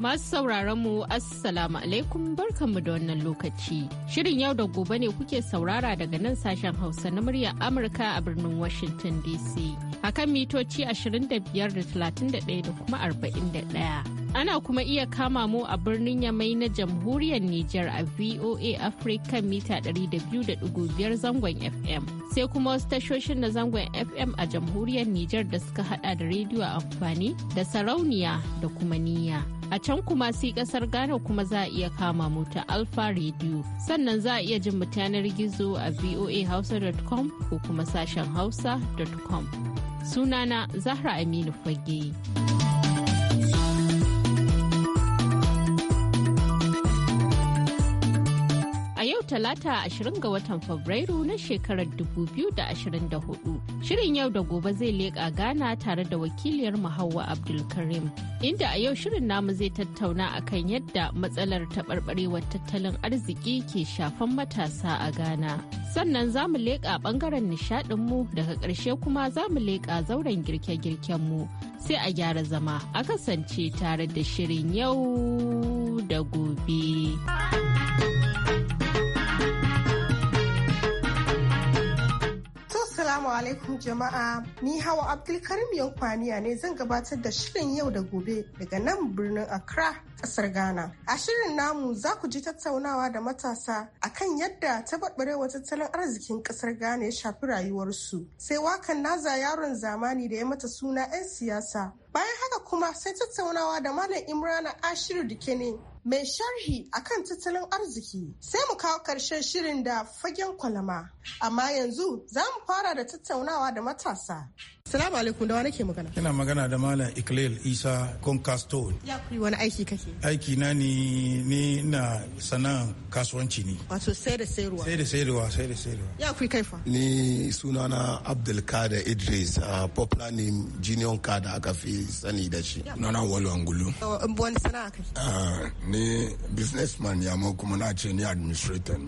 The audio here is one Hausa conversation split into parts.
Masu sauraron mu Assalamu alaikum barkanmu da wannan lokaci. Shirin yau da gobe ne kuke saurara daga nan sashen Hausa na muryar Amurka a birnin Washington DC. Akan mitoci 25 da 31 da kuma 41. Ana kuma iya kama mu a birnin Yamai na jamhuriyar Nijar a VOA Africa mita 200.5 zangon FM. Sai kuma wasu tashoshin na zangon FM a jamhuriyar Nijar da suka hada da rediyo amfani da sarauniya da kuma niyya. A can kuma sai kasar Ghana kuma za a iya kama mu ta Alpha Radio. Sannan za a iya jin yanar gizo a voahausa.com ko kuma sashen hausa.com. Sunana Zahra Aminu Fage. talata 20 ga watan Fabrairu na shekarar 2024. Shirin yau da gobe zai leƙa Ghana tare da wakiliyar Hauwa Abdulkarim. Inda a yau shirin namu zai tattauna akan yadda matsalar taɓarɓarewar tattalin arziki ke shafan matasa a Ghana. Sannan za mu leƙa ɓangaren nishaɗinmu daga ƙarshe kuma za mu leƙa zauren girke-girkenmu. Sai a gyara zama a kasance tare da shirin yau da gobe. Assalamu alaikum jama'a ni hawa Abdulkarim Yankwaniya ne zan gabatar da shirin yau da gobe daga nan birnin Accra kasar Ghana. A shirin namu za ku ji tattaunawa da matasa a kan yadda taɓarɓarewa tattalin arzikin kasar Ghana ya shafi rayuwarsu. Sai wakan naza yaron zamani da ya mata suna 'yan siyasa Bayan haka kuma sai tattaunawa da Malam Imrana Ashiru Dikene mai sharhi akan tattalin arziki sai mu kawo ƙarshen shirin da fagen kwalama. Amma yanzu za mu fara da tattaunawa da matasa Salamu alaikum da ke magana. Ina magana da Malam Iklil Isa Concasto. Ya kuri wani aiki kake? Aiki na ni ni na sana'an kasuwanci ne. Wato sai da sayarwa. Sai da sayarwa, sai da sayarwa. Ya kuri kaifa. Ni sunana Abdulkader Idris, a popular name Junior Kada aka fi sani da shi. Na na Walu Angulu. Wani sana'a kai? Ah, ni businessman ya kuma na ce ni administrator.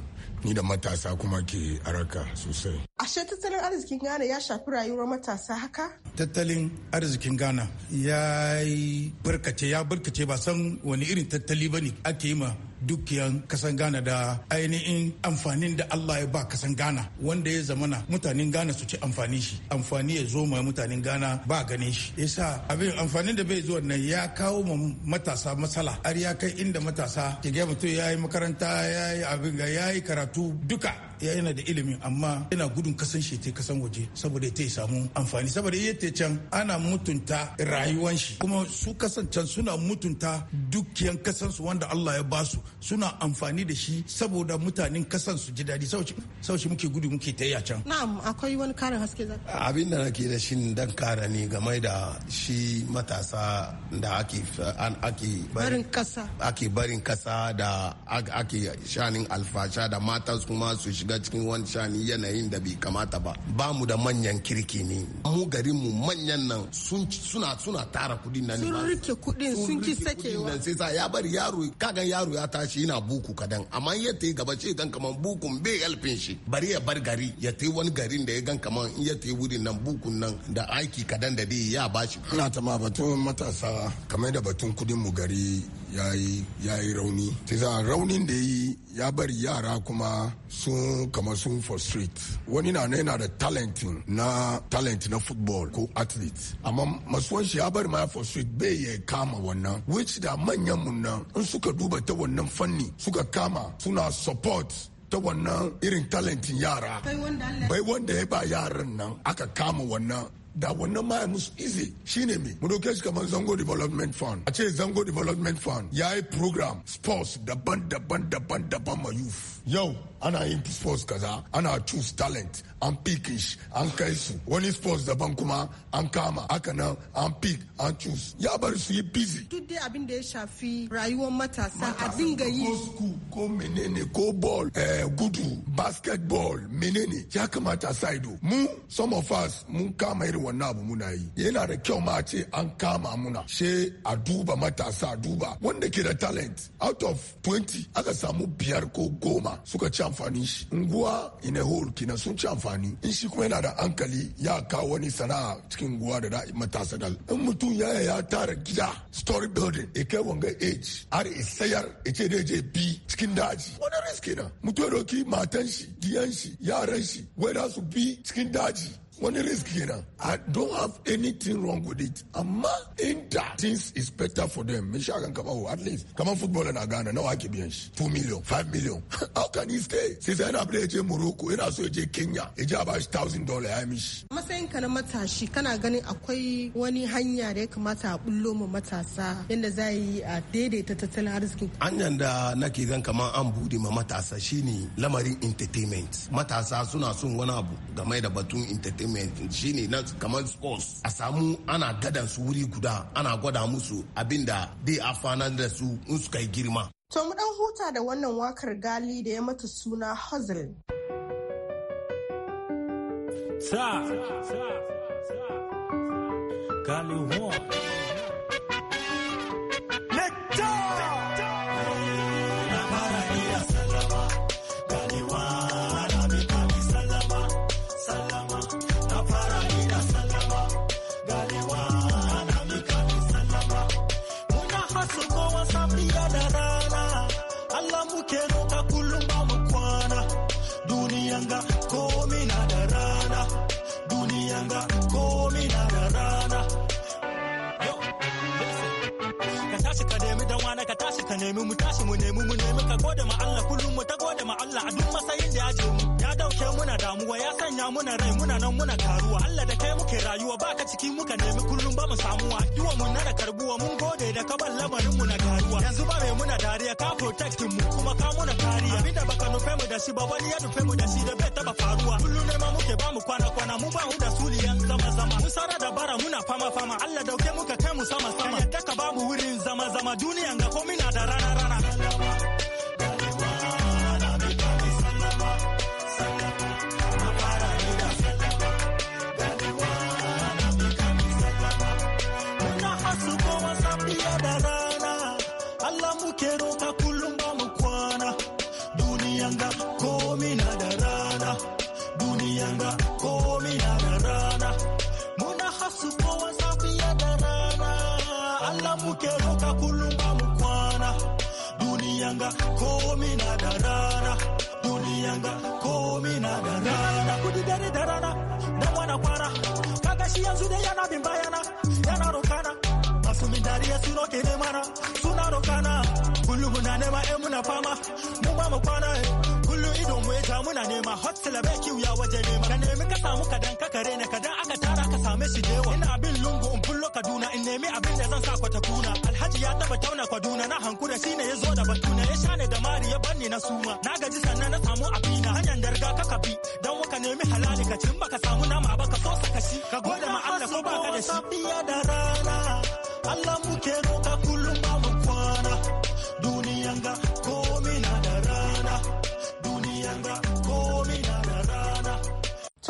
ni da matasa kuma ke araka sosai. Ashe tattalin arzikin Ghana ya shafi rayuwar matasa haka? Tattalin arzikin Ghana ya yi barkace ya barkace ba san wani irin tattali ba ne ake yi ma dukiyan kasan Ghana da ainihin amfanin da Allah ya ba kasan Ghana wanda ya zamana mutanen Ghana su ci amfani shi amfani ya zo ma mutanen Ghana ba ganin shi yasa abin amfanin da bai zuwa nan ya kawo ma matasa matsala har ya kai inda matasa ke ga mutum ya yi makaranta ya yi abin ga ya yi karatu duka yana da ilimin amma yana gudun kasan shi ta kasan waje saboda ta samu amfani saboda iya ta can ana mutunta rayuwan shi kuma su kasan can suna mutunta dukiyan kasan su wanda Allah ya basu suna amfani da shi saboda mutanen kasan su ji daɗi sauci muke gudu muke ta can. Na'am akwai wani karin haske za. Abin da nake da shi dan kara ne game da shi matasa da ake ake barin kasa ake barin kasa da ake shanin alfasha da su kuma su shiga shiga cikin wancan yanayin da bai kamata ba ba mu da manyan kirki ne mu garin mu manyan nan suna suna tara kudin nan sun rike kudin sun ki sakewa sai sa ya bari yaro kagan yaro ya tashi yana buku kadan amma ya yi gaba ce gan kaman bukun bai alfin shi bari ya bar gari ya yi wani garin da ya gan kaman in ya yi wurin nan bukun nan da aiki kadan da dai ya bashi ina ta ma batun matasa kamar da batun kudin mu gari ya yi rauni tisa raunin da yi ya bari yara kuma sun kama sun street. wani na yana da talent na talent na football ko athlete amma masuwan shi ya bari ma for street bai ya kama wannan which da manyan mun nan in suka duba ta wannan fanni suka kama suna support ta wannan irin talentin yara bai wanda ya ba yaran nan aka kama wannan da wannan ma musu izi shine me mu dauke shi kamar zango development fund a ce zango development fund ya yi program sports daban-daban daban-daban ma youth yau ana yin sports kaza ana choose talent an pick shi an kai su wani sports daban kuma an kama haka nan an pick an choose ya bar su yi busy duk dai abin da ya shafi rayuwar matasa a dinga yi ko school ko menene ko ball eh, gudu basketball menene ya kamata saido mu some of us mun kama irin wannan abu muna yi yana da kyau ma ce an kama muna she a duba matasa a duba wanda ke da talent out of 20 aka samu biyar ko goma suka ci amfani shi unguwa in a whole kina sun ci amfani in shi kuma yana da hankali ya kawo wani sana'a cikin unguwa da matasa dal in mutum ya ya tara gida story building ya kai wanga age har e sayar e ce dai je bi cikin daji wani risk kenan mutum ya doki matan shi diyan shi yaran shi wai su bi cikin daji wani risk kenan i don't have anything wrong with it amma da. things is better for them me sha kan kaba at least kamar football na gana nawa ake biyan shi 2 million 5 million how can he stay sai sai yana ya je Morocco yana so ya je Kenya ya je ba shi 1000 dollar ya mishi matsayin ka na matashi kana gani akwai wani hanya da ya kamata a bullo ma matasa yadda za yi a daidaita tattalin arziki hanyar da nake gan kamar an bude ma matasa shine lamarin entertainment matasa suna son wani abu game da batun entertainment entertainment shine na kamar sports a samu ana gadan su wuri guda ana gwada musu abinda dai afanar da su in suka yi girma to mu dan huta da wannan wakar gali da ya mata suna hustle Sa! Gali One. Let's go! shi ba wani ya rufe mu da shi da bai taba faruwa kullum ne ma muke ba mu kwana kwana mu ba mu da suliyan zama zama mu sara da bara muna fama fama Allah dauke muka kai mu sama sama yadda ka ba mu wurin zama zama duniya ga komai na da rana damu ka dan kakare ne kadan aka tara ka same shi dewa ina bin lungu in bullo kaduna in nemi abin da zan sa kwata kuna alhaji ya taba tauna kaduna na hanku da shine ya zo da batuna ya shane da mari ya banni na suma na gaji sannan na samu abina hanyar da riga ka kabi dan waka nemi halali ka cin baka samu nama ba ka so saka shi ka gode ma Allah ko baka da shi da rana Allah roka ku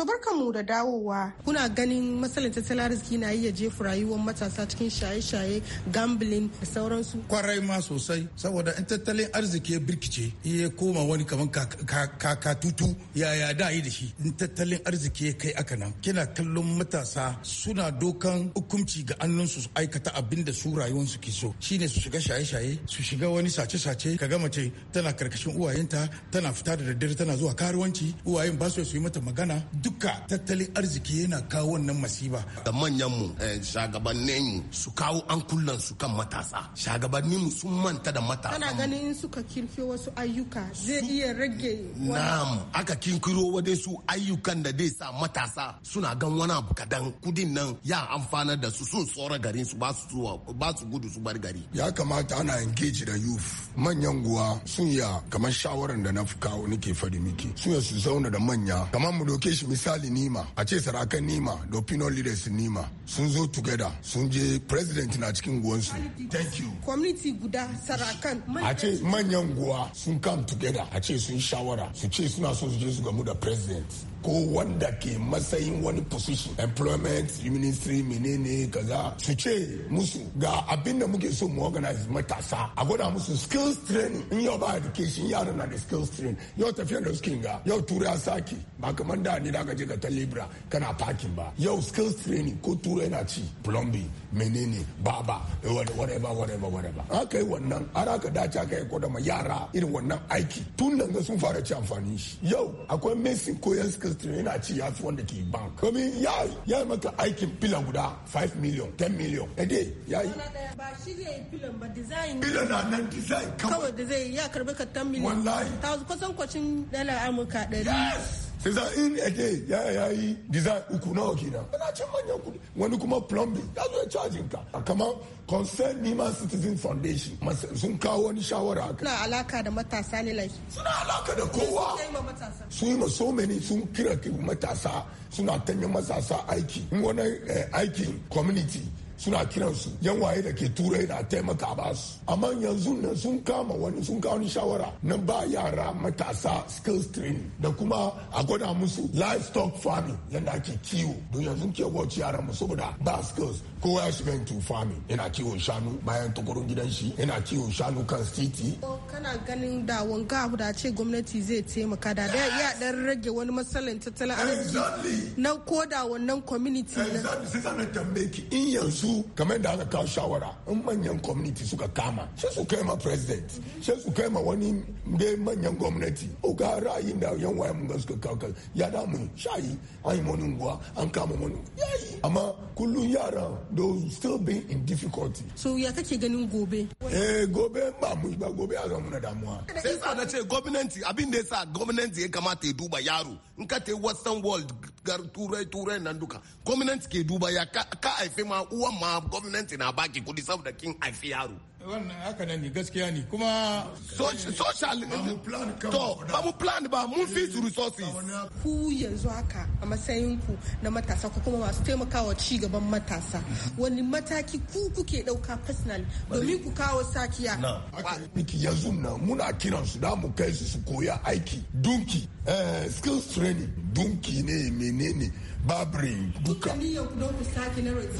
So barkanmu da dawowa. Kuna ganin matsalar tattalin arziki na iya jefa rayuwar matasa cikin shaye-shaye, gambling da sauransu. Kwarai ma sosai saboda in tattalin arziki ya birkice ya koma wani kaman tutu yaya da yi da shi. In tattalin arziki ya kai aka nan kina kallon matasa suna dokan hukunci ga annunsu su aikata abin da su rayuwarsu ke so shine su shiga shaye-shaye su shiga wani sace-sace ka ga mace tana karkashin uwayenta tana fita da daddare tana zuwa karuwanci uwayen ba su yi mata magana duk duka tattalin arziki yana kawo wannan masiba da manyanmu eh, shagabanninmu su kawo an kullan su kan matasa mu sun manta da matasa kana ganin suka kirkiro wasu ayyuka zai iya rage na'am aka kinkiro wadai su ayyukan da zai sa matasa suna gan wani abu kadan kudin nan ya amfana da su sun tsora garin su ba su gudu su bar gari ya kamata ana engage da youth manyan guwa sun ya kamar shawaran da na kawo nake fadi miki su ya su zauna da manya kamar mu doke shi misali nima a ce sarakan nima da opinion leaders nima sun zo together sun je president na cikin guwansu thank you community guda sarakan a ce manyan guwa sun come together a ce sun shawara su ce suna so su je su gamu da president ko wanda ke matsayin wani position employment ministry menene kaza su ce musu ga abin da muke so mu organize matasa a gwada musu skills training in yau ba education yaran na da skills training yau tafiya da skin ga yau turai saki ba kamar da ne daga ka je ka ta libra kana parking ba yau skills training ko turai na ci plumbing menene baba whatever whatever whatever aka yi wannan har aka dace aka yi kodama yara irin wannan aiki tun da ga sun fara ci amfani shi yau akwai mesin koyan skills system yana ci ya fi wanda ke ban domin ya ya maka aikin filan guda 5 million 10 million a eh, day ya yi ba shi zai yi filan ba design filan na nan design kawai da zai ya karbi ka 10 million wallahi ta kusan kwacin dala amurka 100 sai za in ake ya yayi design uku nawa na. ana cin manyan kudi wani kuma plumbing ya zo ya cajin ka kamar concern nima citizen foundation sun kawo wani shawara haka suna alaka da matasa ne lai suna alaka da kowa sun yi so many sun kira matasa suna tanya matasa aiki wani eh, aikin community suna su yan waye da ke turai na taimaka ba su amma yanzu ne sun kama wani sun kawo ni shawara na ba yara matasa skills training da kuma a gwada musu livestock farming yadda ake kiwo don yanzu ke wace yara mu saboda ba skills kowa ya shiga into farming yana kiwon shanu bayan tukurun gidan shi yana kiwon shanu kan city. kana ganin da wanga abu da ce gwamnati zai taimaka da da ya dan rage wani matsalan tattalin arziki na koda wannan community na sai tambaye ki in yanzu kamar da aka kawo shawara in manyan community suka kama sai su kai ma president sai su kai ma wani dai manyan gwamnati o ga ra'ayin da yan waye mun ga suka kawo ya da mu shayi an yi wani unguwa an kama mani yayi amma kullun yara do still be in difficulty so ya kake ganin gobe eh gobe ba mu ba gobe a na damuwa sai sa na ce gwamnati abin da yasa gwamnati ya kamata ya duba yaro in ka te western world gar turai turai nan duka gwamnati ke duba ya ka haife ma uwan government in Abaki could dissolve the king Ifiaru. wannan haka nan ne gaskiya ne kuma social to ba mu plan ba mun fi resources ku yanzu haka a matsayin ku na matasa ko kuma masu taimakawa ci gaban matasa mhm. wani mataki ku kuke dauka personal domin ku kawo sakiya yanzu na muna kiran su da mu kai su su koya aiki dunki eh, skills training dunki ne menene babrin duka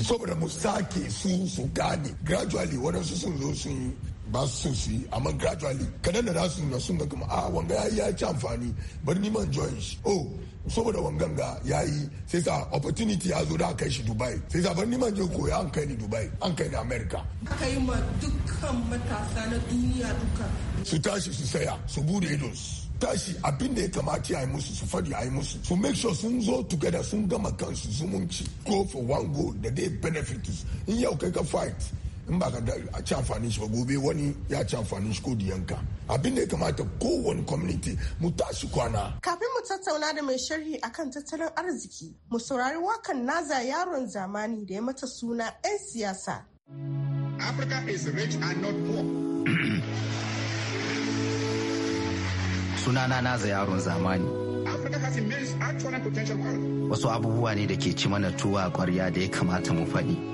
saboda mu sake su su gane gradually waɗansu sun zo so sun ba su sun su yi amma gradually kadan da za su na sun ga kuma a ah, wanga ya ya ci amfani bari ni man join shi oh saboda wangan ga ya yi sai sa opportunity ya zo da kai shi dubai sai sa bari ni man je koya an kai ni dubai an kai ni america aka yi ma dukkan matasa na duniya duka su tashi su saya su bude su tashi abin da ya kamata ya yi musu su fadi a yi musu su make sure sun zo together sun gama kansu zumunci go for one goal da dey benefit in yau kai ka fight in ba ka ci amfani shi ba gobe wani ya ci amfani shi ko diyanka abin da ya kamata kowane community mu tashi kwana kafin mu tattauna da mai sharhi akan tattalin arziki mu saurari wakan naza yaron zamani da ya mata suna 'yan siyasa Africa is rich and not poor. Sunana naza yaron zamani. Wasu abubuwa ne da ke ci mana tuwa a kwarya da ya kamata mu faɗi.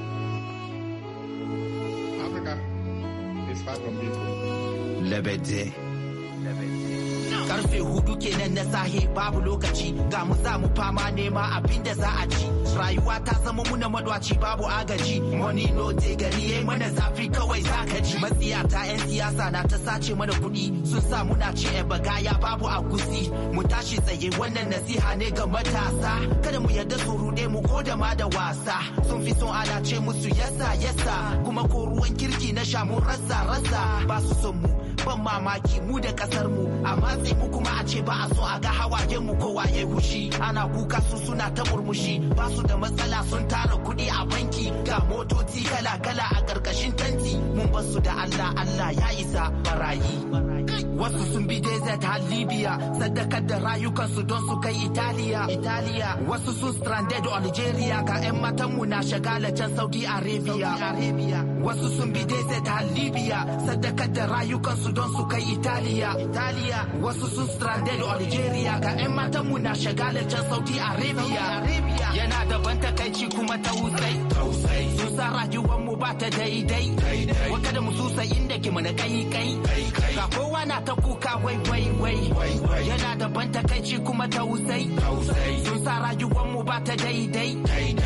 karfe hudu kenan na sahe babu lokaci ga mu za mu fama nema abin da za a ci rayuwa ta zama muna madwaci babu agaji wani no te gari yayi mana zafi kawai za ka ji matsiya ta yan siyasa na ta sace mana kuɗi sun sa muna ci e bagaya babu agusi mu tashi tsaye wannan nasiha ne ga matasa kada mu yarda su rude mu ko da ma da wasa sun fi son ana ce musu yasa yasa kuma ko ruwan kirki na sha mun rasa rasa ba su son mu ban mamaki mu da kasar mu a sai mu kuma a ce ba a so a ga hawayen mu kowa ya hushi ana kuka su suna ta murmushi ba su da matsala sun tara kudi a banki ga motoci kala kala a ƙarƙashin tanti mun su da Allah Allah ya isa barayi. wasu sun bi desert har libya sadakar da rayukansu don su kai italiya italiya wasu sun stranded algeria ga 'yan matanmu na shagala can saudi arabia wasu sun bi desert har libya sadakar da rayukansu don su kai italiya italiya wasu sun stranded algeria ga 'yan matanmu na shagala can saudi arabia yana da ban takaici kuma ta wutsai sun sa rayuwarmu ba ta daidai wakada mu susa inda ke mana kai kai ga kowa yana ta kuka wai wai wai yana da ban takaici kuma tausai sun sa rayuwar mu ba ta daidai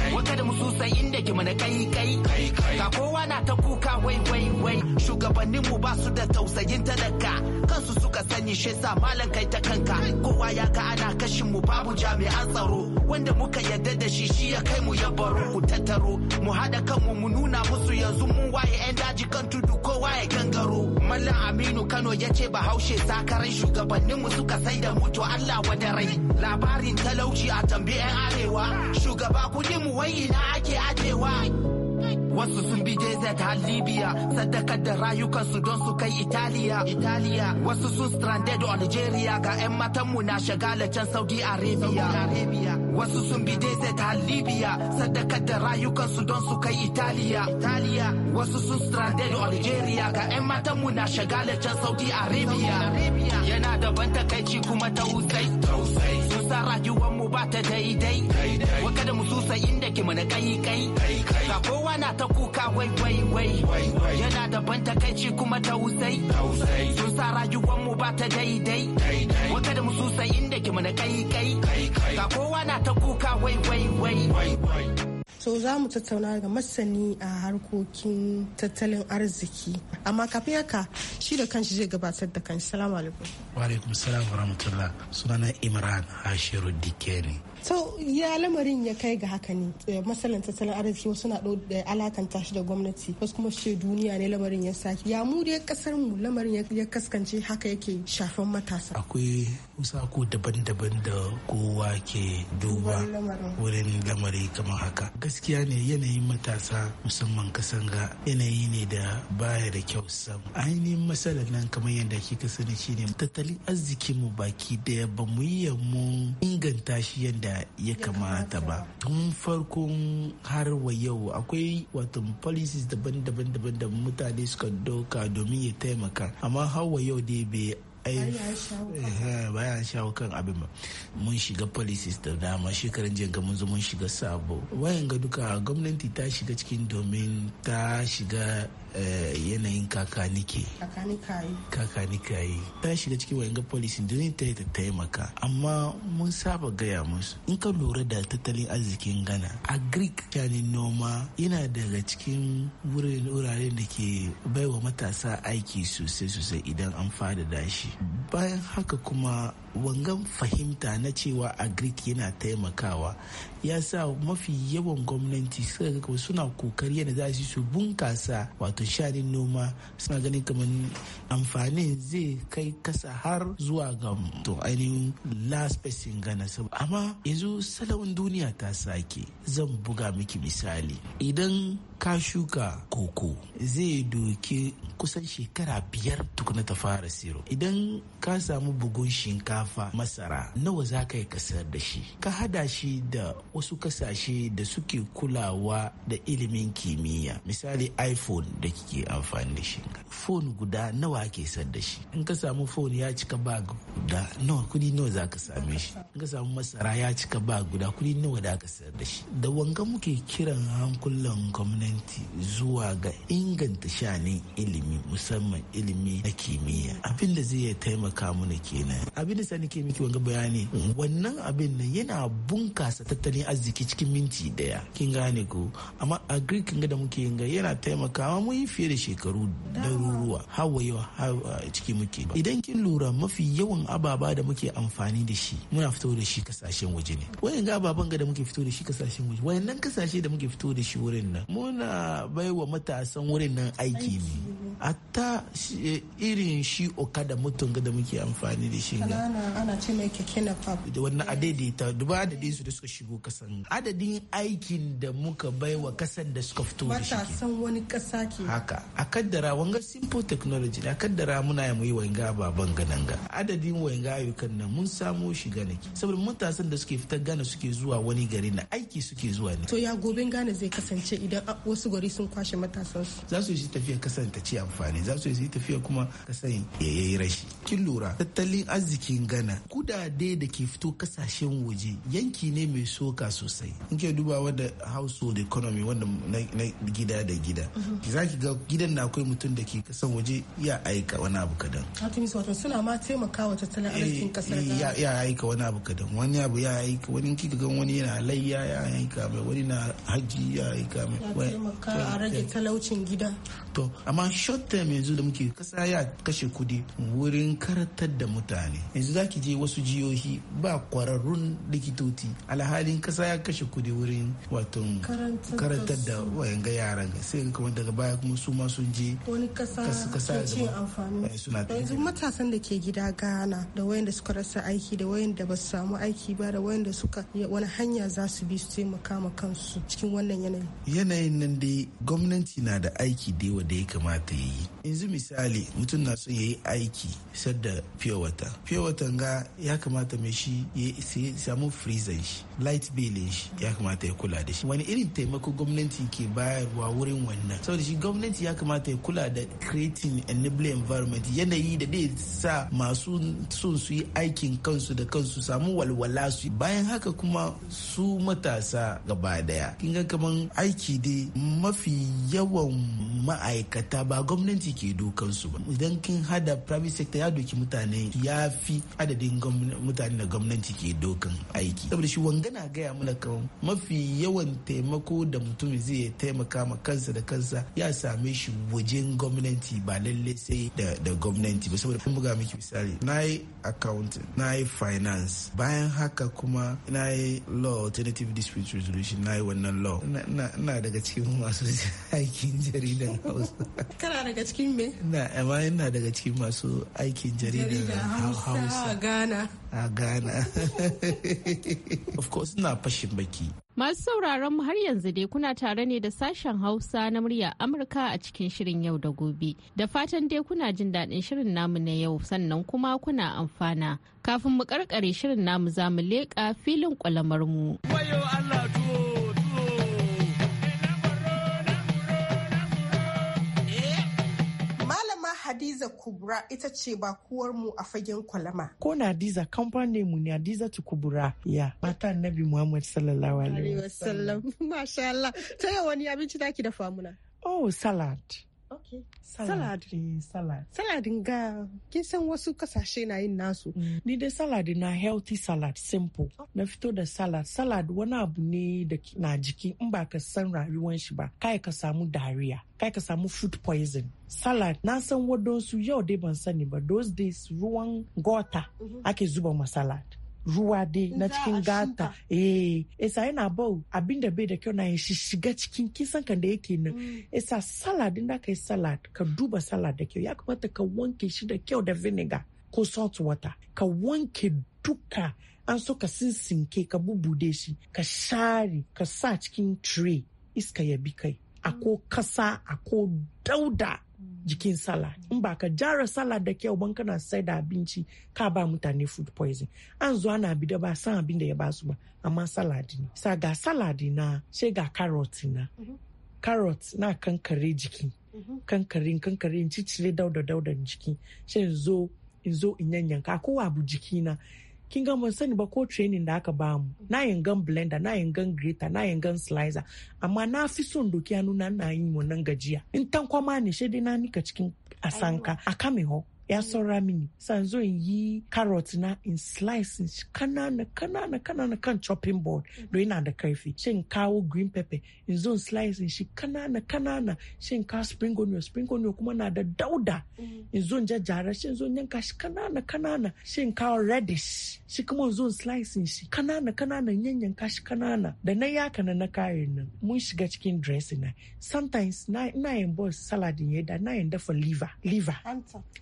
tausayin da ke mana kai kai ka kowa na ta kuka wai wai wai shugabannin mu ba su da tausayin talaka kansu suka sani shi sa malam kai ta kanka kowa ya ga ana kashin mu babu jami'an tsaro wanda muka yarda da shi shi ya kai mu ya baro ku tattaro mu hada kanmu mu nuna musu yanzu mun waye yan daji kan tudu kowa ya gangaro mallam aminu kano ya ce haushe sakaran shugabannin mu suka sai da mu to allah wadarai labarin talauci a tambi yan arewa shugaba kudi mu wai ina Yeah, I did what. wasu sun bi jz har libya sadakar da rayukansu don su kai italiya italiya wasu sun stranded algeria ga 'yan matanmu na shagala can saudi arabia wasu sun bi jz har libya sadakar da rayukansu don su kai italiya italiya wasu sun stranded algeria ga 'yan matanmu na shagala can saudi arabia yana da ban takaici kuma ta usai sun sa rayuwarmu ba ta daidai wakada mu susa inda ke mana kai kai ga kowa na ta kuka wai wai wai yana da ban takaici kuma tausai sun sa rayuwar mu ba ta daidai wata da musu sai inda ki mana kai kai ga kowa na ta kuka wai wai wai so za mu tattauna ga masani a harkokin tattalin arziki amma kafin haka shi da kanshi zai gabatar da kanshi salamu alaikum wa alaikum salam wa rahmatullah sunana imran hashiru dikeni so ya lamarin ya kai ga haka ne eh, masalan tattalin arziki wasu na eh, alakanta shi da gwamnati wasu kuma ce duniya ne lamarin ya sake ya mu dai kasar mu lamarin ya kaskance haka yake shafan matasa akwai sako daban-daban da kowa ke duba wurin lamari kamar haka gaskiya ne yanayin matasa musamman kasanga yanayi ne da baya da kyau sam ainihin matsalar nan kamar yadda kika sani shine tattalin arzikin mu baki daya ba mu yi mu inganta shi yadda ya kamata ba tun farkon har wa yau akwai wato policies daban-daban da mutane suka doka domin ya taimaka amma har wa yau dai bai Eh, eh, eh, baya shawo kan abin ba mun shiga policies da dama shekaran jiya mun zo mun shiga sabo wayan ga duka gwamnati ta shiga cikin domin ta shiga Eh, yanayin kakanike yi ta shiga cikin wangan ga policy don ta yi ta taimaka amma mun saba gaya musu in ka lura da tattalin arzikin gana a greek. yani noma yana daga cikin wurare da ke baiwa matasa aiki sosai sosai idan an fada dashi bayan haka kuma wangan fahimta na cewa a greek yana taimakawa ya sa mafi yawan gwamnati suka ga suna kokari yadda za su bunkasa wato sharin noma suna ganin kamar amfanin zai kai kasa har zuwa ga to ainihin last person gana amma yanzu salon duniya ta sake zan buga miki misali idan ka shuka koko zai doki kusan shekara biyar tukuna ta fara siro idan ka samu bugun shinkafa masara nawa za ka yi kasar da shi ka hada shi da wasu kasashe da suke kulawa da ilimin kimiyya misali iphone da kike amfani da shi phone guda nawa ke sayar da shi in ka samu phone ya cika ba guda nawa kudi nawa za ka same shi in ka samu masara ya cika ba guda kudi nawa da ka sayar da shi da wanga muke kiran hankulan gwamnati gwamnati zuwa ga inganta shanin ilimi musamman ilimi na kimiyya abin da zai taimaka mana kenan abin da sani ke miki wanga bayani wannan abin na yana bunkasa tattalin arziki cikin minti daya kin gane ko amma a kin ga da muke yin ga yana taimakawa mu yi fiye da shekaru daruruwa hawa yau eh, ciki muke idan kin lura mafi yawan ababa da muke amfani da shi muna fito da shi kasashen waje ne wayan ga ababan ga da muke fito da shi kasashen waje wayannan kasashe da muke fito da shi wurin nan mu muna baiwa matasan wurin nan aiki ne hatta eh, irin shi da mutum da muke amfani da shi ga ana ce mai keke na da wannan adaidaita duba adadin su da suka shigo kasan adadin aikin da muka bai wa kasan da suka fito da shi matasan wani kasa ke haka a kaddara wanga simple technology a kaddara muna yi muyi wanga baban gananga adadin wanga ayyukan nan mun samo shi gane saboda matasan da suke fitar gana suke zuwa wani gari na aiki suke zuwa ne to ya gobe gane zai kasance idan wasu gari sun kwashe matasan su za su yi tafiya kasan ta amfani za su yi tafiya kuma kasan ya yayi rashi kin lura tattalin arzikin gana ku kudade da ke fito kasashen waje yanki ne mai soka sosai in ke dubawa da household economy wanda na gida da gida mhm. za ki ga gidan na akwai mutum da ke kasan waje ya aika wani abu kadan suna ma taimakawa tattalin eh, arzikin kasar eh, ya aika wani abu kadan wani abu ya aika wani kika ga wani yana layya ya aika mai wani na haji ya aika mai ya taimaka a rage talaucin gida to amma short term yanzu da muke kasa ya kashe kudi wurin karatar da mutane yanzu za ki je wasu wasu jihohi ba kwararrun likitoci alhalin kasa ya kashe kudi wurin wato karantar da ga yaran sai kuma daga baya kuma su ma sun je wani kasa amfani eh, yanzu matasan da ke gida gana da wayanda suka rasa aiki da wayanda ba su samu aiki ba da wayanda suka wani hanya za su bi su taimaka ma kansu cikin wannan yanayi yanayin nan dai gwamnati na da aiki da yawa da ya kamata ya yi yanzu misali mutum na son ya yi aiki sadda fiye wata fiye ga ya kamata mai shi ya samu freezer shi light billing shi ya kamata ya kula da shi wani irin taimako gwamnati ke bayarwa wurin wannan saboda shi gwamnati ya kamata ya kula da creating enable environment yanayi da zai sa masu son su yi aikin kansu da kansu samu walwala su bayan haka kuma su matasa gaba daya kin ga kaman aiki dai mafi yawan ma'aikata ba gwamnati ke dokansu ba idan kin hada private sector ya doki mutane ya fi adadin gwamnati mutane da gwamnati ke dokan aiki saboda shi wangana gaya mana kawai mafi yawan taimako da mutum zai taimaka ma kansa da kansa ya same shi wajen gwamnati ba lalle sai da gwamnati ba saboda kuma ga miki misali na yi accounting na yi finance bayan haka kuma na yi law alternative dispute resolution na yi wannan law ina daga cikin masu aikin jaridan hausa kana daga cikin me na amma ina daga cikin masu aikin jaridan hausa ghana a ghana of course na fashin baki masu sauraron mu har yanzu dai kuna tare ne da sashen hausa na murya amurka a cikin shirin yau da gobe da fatan dai kuna jin daɗin shirin namu na yau sannan kuma kuna amfana kafin mu karkare shirin namu za mu leƙa filin kwalamar mu. Allah Hadiza kubura ita ce bakuwar mu a fagen kwalama. Ko na Hadiza ne mu ne Hadiza tu Kubra ya mata Annabi Muhammad sallallahu alaihi wasallam. Masha Allah. Ta wani abinci daki dafa famuna. Oh salad. Okay. Salad. Salad. Salad ga kin san wasu kasashe na yin nasu. Mm. Ni dai salad na healthy salad simple. Na fito da salad. Salad wani abu ne da na jiki in ba ka san rayuwan shi ba. Kai ka samu diarrhea. Kai ka samu food poison. Salad na san wadansu yau dai ban sani ba. Those days ruwan gota mhm. ake zuba ma salad. ruwa dai na cikin gata eh isa yana bau abin da bai da kyau na shi shiga cikin kisan kan da yake nan isa mm. salad din da kai e salad ka duba salad da kyau ya kamata ka wanke shi da kyau da vinegar ko salt water ka wanke duka an so ka sinsinke ka bubude shi ka share ka sa cikin tray iska ya bi kai ako mm. kasa ako dauda jikin salad in ba ka jara salad da kyau ban kana sai da abinci ka ba mutane food poison an zuwa na bi da ba san abin da ya ba su ba amma salad ne sa ga salad na sai ga carrot na mhm. carrot na kankare jiki mhm. kankare kankare cicile dauda dauda jiki sai zo in zo in yanyanka ko abu jiki na kin ga mun sani ba ko training da aka ba mu na gan blender na gan grater na gan slicer amma na fi son doki nuna na na yin nan gajiya in tan kwama ne shede na nika cikin asanka a kame ho ya saura mini san zo in yi carrot na in slice kanana kanana kanana kan chopping board mm-hmm. don ina da karfi shin kawo green pepper in zo in slice shi kanana kanana shin ka spring onion spring onion kuma na da dauda mm-hmm. in zo in jajjara shin zo in yanka shi kanana kanana shin kawo radish shi kuma in zo in slice shi kanana kanana yanka shi kanana da na yaka na na kayan nan mun shiga cikin dressing na sometimes na yin boss salad ya da na yin dafa liver liver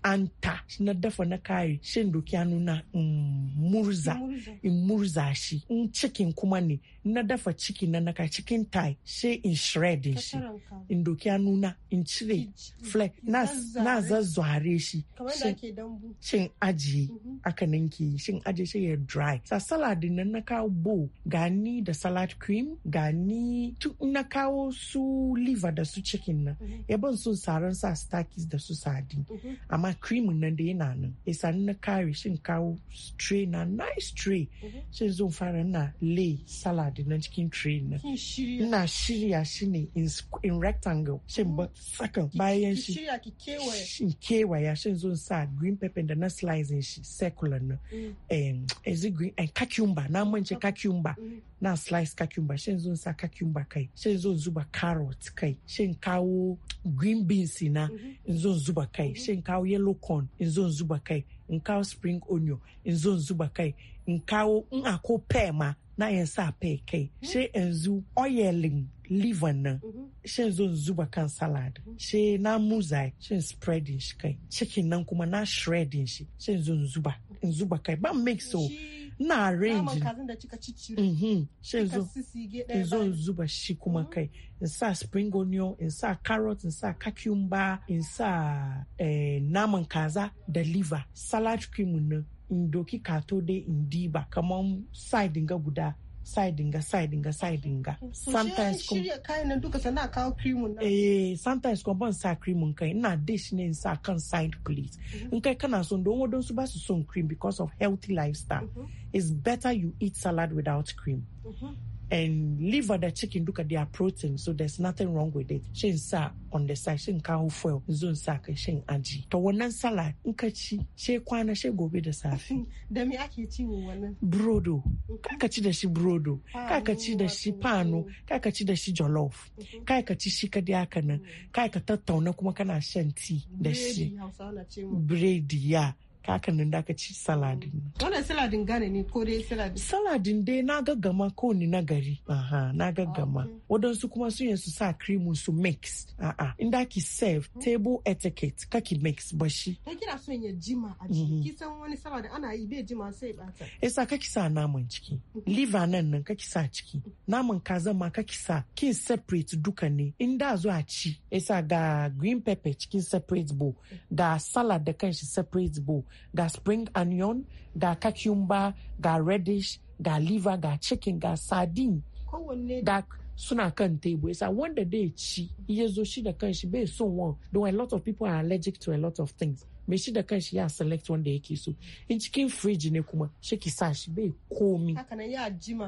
anta ta na dafa na kare shin doki nuna in murza in murza shi in cikin kuma ne na dafa ciki na naka cikin tai sai in shred shi in doki nuna in cire fle na zazzware shi shin aji mhm. aka ninki shin aji shi ya dry sa salad na na kawo bowl gani da salad cream gani na kawo su liver da su chicken na, mhm. yabon sun saran sa stakis da su sardine mhm. amma cream mun nan da yana nan isa na kare shin kawo tray na nice tray mhm. shin zan fara na lay salad na cikin tray na ina shirya shi ne in rectangle shin ba sakan bayan shi shin kewaya shin zan sa green pepper da na slice shi circular na mm. is it green and eh, cucumber na mance cucumber mm. na slice cucumber shin zan sa cucumber kai shin zan zuba carrot kai shin kawo green beans na zan mhm. zuba kai mhm. shin kawo yellow corn ground in zo zuba kai in kawo spring onion in zo zuba kai in kawo in ako pear ma na yin sa pear kai mm-hmm. sai yanzu oiling liver nan mm-hmm. shi zo zuba kan salad mm-hmm. shi na muza shi spreading shi kai chicken nan kuma na shredding shi shi zo zuba in zuba kai ba mix so na range kazan mhm. zo in zo in zuba shi kuma mhm. kai in sa spring onion in sa carrot in sa cucumber in sa eh, naman kaza da liver salad cream nan in doki kato dai in diba kamar side ga guda sidinga sidinga sidinga mm, sometimes duka sana kawo cream na eh sometimes kuma ban sa cream kai dish ne sa kan side in mm-hmm. kai kana so don su ba su cream because of healthy lifestyle mm -hmm. it's better you eat salad without cream mm -hmm. and liver da chicken duka they are protein so there's nothing wrong with it shin sa on the side shin kawo foil zon sa ka shin aji to wannan salad in ka ci she kwana she gobe da safe da me ake ci wannan brodo ka ci da shi brodo ka ci da shi pano ka ci da shi jollof ka ci shi kadai haka nan mm. ka tattauna kuma kana shan tea da shi bread ya kakan nan da aka ci saladin. Wannan saladin gane ne ko dai saladin? Saladin dai na gaggama ko ni na gari. Aha, na gaggama. Wadansu kuma su yin su sa cream su mix. A'a, inda ki serve hmm. table etiquette kaki mix ba shi. Kai kina son ya jima a ciki. Mhm. Ki san wani saladin ana yi bai jima sai bata. Esa kaki sa naman ciki. Liver nan nan kaki sa ciki. Naman kaza ma kaki sa. Kin separate duka ne. Inda zo a ci. Esa ga green pepper cikin separate bowl. Ga salad da kanshi separate bowl. ga spring onion ga cucumber ga reddish ga liver ga chicken ga sardine ga suna kan table yasa wanda dai ci ya zo shi da kanshi bai so wan don a lot of people are allergic to a lot of things Me shi da kanshi ya select wanda yake so in cikin fridge ne kuma shi ki sa shi bai komi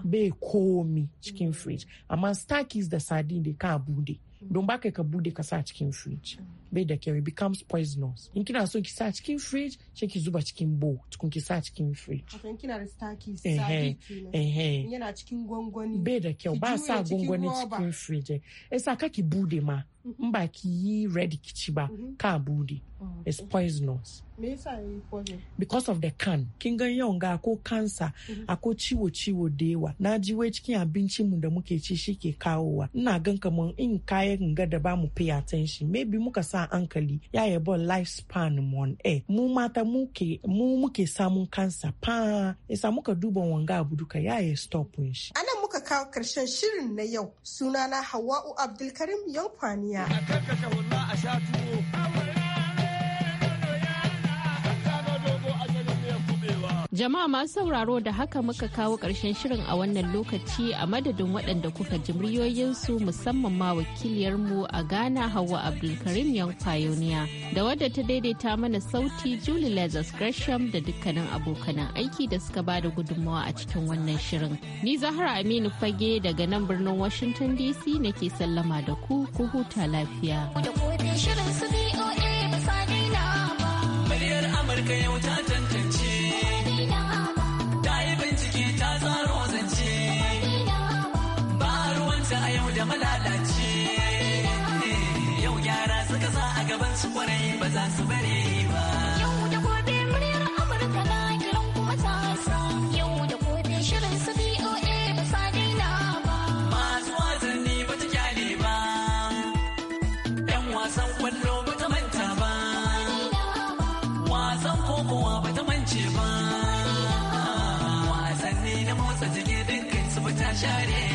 bai komi cikin fridge amma starkies da sardine da ka bude mm. don baka ka bude ka sa cikin fridge mm -hmm. bai da kyau becomes poisonous in kina so ki sa cikin fridge sai ki zuba cikin bowl tukun ki sa cikin fridge wato kina da staki eh eh, eh eh yana cikin gwangwani bai da kyau ba sa gwangwani cikin fridge eh sa ka ki bude ma in mm-hmm. ba ki yi ready ki ci ba mm-hmm. ka bude oh, it's poisonous me yasa e yi poison because of the can kin ga yau ga ko cancer mm-hmm. ako ciwo ciwo da yawa na ji wai cikin abincin mu da muke ci shi ke kawowa ina gan kaman in kayan ga da ba mu pay attention maybe muka sa hankali ya bol life span mon e mu mata muke mu muke samun kansa pa isa muka duba wanga abu duka ya yi stop shi anan muka kawo karshen shirin na yau sunana hawa'u abdulkarim yankwaniya a karkata a sha tuwo Jama'a masu sauraro da haka muka kawo ƙarshen shirin a wannan lokaci a madadin waɗanda kuka ji muryoyinsu musamman ma wakiliyarmu a Ghana Hauwa Abdulkarim yan Pioneer da wadda ta daidaita mana sauti Julie Lazarus Gresham da dukkanin abokanan aiki da suka bada gudunmawa a cikin wannan shirin. Ni Zahra Aminu Fage daga nan birnin Washington DC nake sallama da ku ku huta lafiya. Amurka yau ta ba za su bare ba. Yau da gobe muryar Amurka na kiran kuma ta sa. Yau da gobe shirin su BOA ba sa daina ba. Masu wasanni ba ta kyale ba. Yan wasan kwallo ba ta manta ba. Wasan kokowa ba ta mance ba. Wasanni na motsa jiki kai su ba ta share